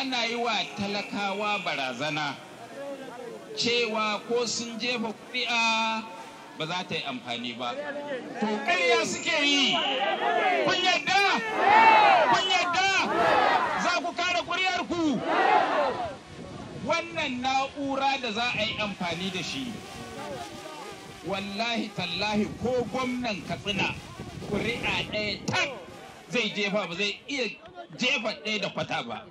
ana yi wa talakawa barazana cewa ko sun jefa kuri'a ba za ta yi amfani ba to ƙarya suke yi kun yadda kun yadda za ku kare kuri'arku wannan na'ura da za a yi amfani da shi wallahi tallahi ko gwamnan katsina kuri'a ɗaya tak zai jefa ba zai iya jefa ɗaya da kwata ba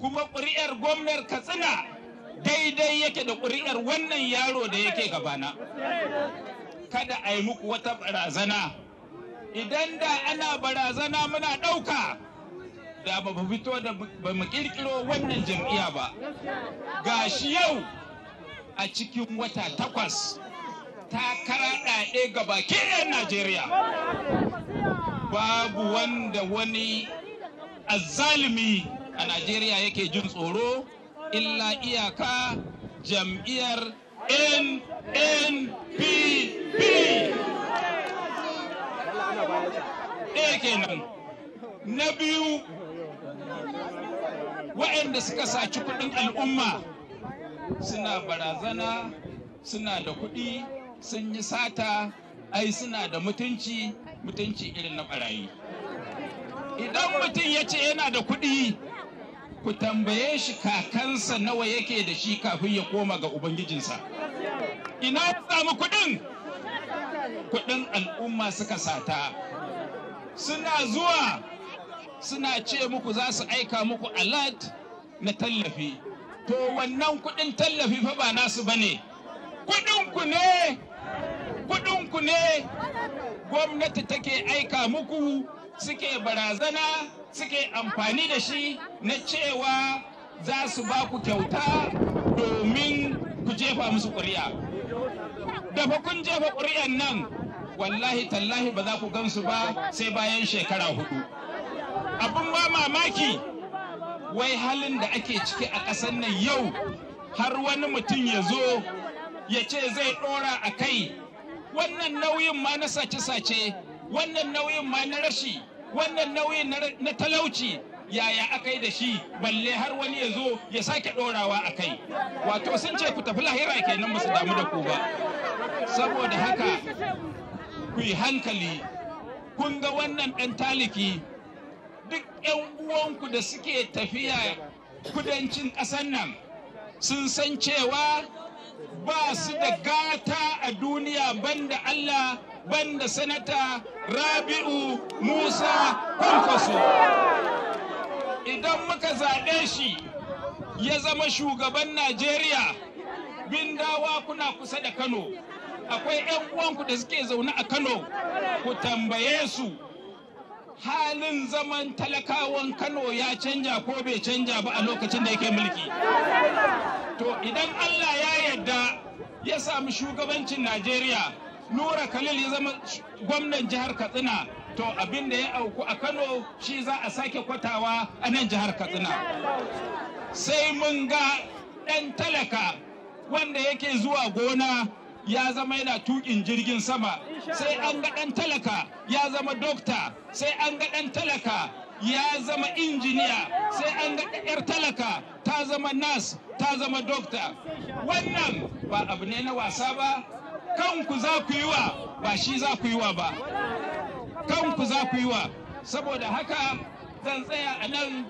kuma ƙuri'ar gwamnar katsina daidai yake da ƙuri'ar wannan yaro da yake gabana kada a yi muku wata barazana idan da ana barazana muna ɗauka da ba mu fito da ba mu ƙirƙiro wannan jam'iyya ba ga shi yau a cikin wata takwas ta karaɗaɗe ga baki 'yan najeriya babu wanda wani azalimi a najeriya yake jin tsoro illa iyaka jam'iyyar nnpp ɗaya kenan na biyu waɗanda suka saci kuɗin al'umma suna barazana suna da kuɗi sun yi sata ai suna da mutunci mutunci irin na barayi idan mutum ya ce yana da kuɗi ku tambaye shi kakansa nawa yake da shi kafin ya koma ga ubangijinsa ina samu kuɗin kuɗin al'umma suka sata suna zuwa suna ce muku za su aika muku alat na tallafi to wannan kuɗin tallafi fa ba nasu ba ne? kuɗinku ne ne gwamnati take aika muku suke barazana suke amfani da shi na cewa za su ba ku kyauta domin ku jefa musu ƙuri'a. Dafa kun jefa ƙuri'an nan wallahi tallahi ba za ku gansu ba sai bayan shekara hudu. Abin ba mamaki wai halin da ake ciki a ƙasar nan yau har wani mutum ya zo ya ce zai ɗora a kai wannan nauyin ma na sace-sace wannan nauyin ma na rashi wannan nauyin na talauci yaya aka yi da shi balle har wani ya zo ya sake ɗorawa a kai wato sun ce ku tafi lahira kenan ba su damu da ku ba saboda haka ku yi hankali kun ga wannan ɗan taliki duk 'yan uwanku da suke tafiya kudancin ƙasar nan sun san cewa ba su da gata a duniya banda Allah banda sanata rabi'u musa kwankwaso idan muka zaɓe shi ya zama shugaban najeriya bindawa kuna kusa da kano akwai 'yan uwanku da suke zaune a kano ku tambaye su halin zaman talakawan Kano ya canja ko bai canja ba a lokacin da yake mulki. To idan Allah ya yarda ya samu shugabancin Najeriya, Nura Khalil ya zama gwamnan jihar Katsina, to abin da ya auku a Kano shi za a sake kwatawa a nan jihar Katsina. Sai mun ga ɗan talaka wanda yake zuwa gona ya zama yana tukin jirgin sama sai an ga ɗan talaka ya zama dokta sai an ga ɗan talaka ya zama injiniya sai an ga yar talaka ta zama nas ta zama dokta wannan ba abu ne na wasa ba kanku za ku yi wa ba shi za ku yi wa ba kanku za ku yi wa saboda haka zan tsaya a nan